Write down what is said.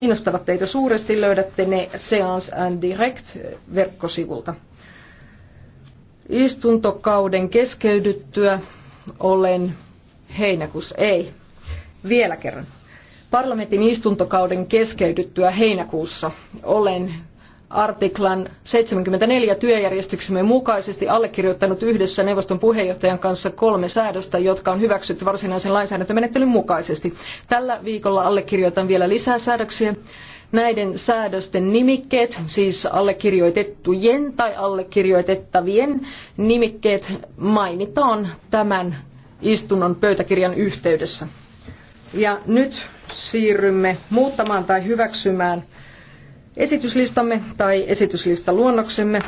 kiinnostavat teitä suuresti, löydätte ne Seance and Direct-verkkosivulta. Istuntokauden keskeydyttyä olen heinäkuussa, ei, vielä kerran. Parlamentin istuntokauden keskeydyttyä heinäkuussa olen artiklan 74 työjärjestyksemme mukaisesti allekirjoittanut yhdessä neuvoston puheenjohtajan kanssa kolme säädöstä, jotka on hyväksytty varsinaisen lainsäädäntömenettelyn mukaisesti. Tällä viikolla allekirjoitan vielä lisää säädöksiä. Näiden säädösten nimikkeet, siis allekirjoitettujen tai allekirjoitettavien nimikkeet, mainitaan tämän istunnon pöytäkirjan yhteydessä. Ja nyt siirrymme muuttamaan tai hyväksymään esityslistamme tai esityslistaluonnoksemme